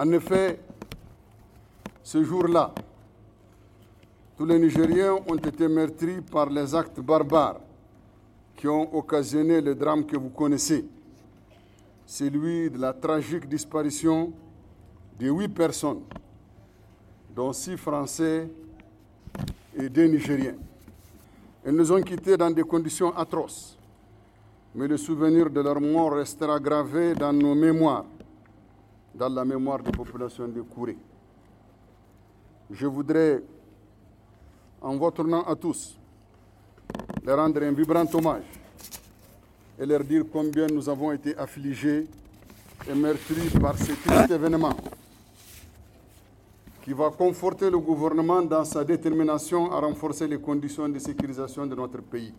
En effet, ce jour-là, tous les Nigériens ont été meurtris par les actes barbares qui ont occasionné le drame que vous connaissez, celui de la tragique disparition de huit personnes, dont six Français et deux Nigériens. Elles nous ont quittés dans des conditions atroces, mais le souvenir de leur mort restera gravé dans nos mémoires dans la mémoire des populations de Kouré. Je voudrais, en votre nom à tous, leur rendre un vibrant hommage et leur dire combien nous avons été affligés et meurtris par ce triste événement qui va conforter le gouvernement dans sa détermination à renforcer les conditions de sécurisation de notre pays.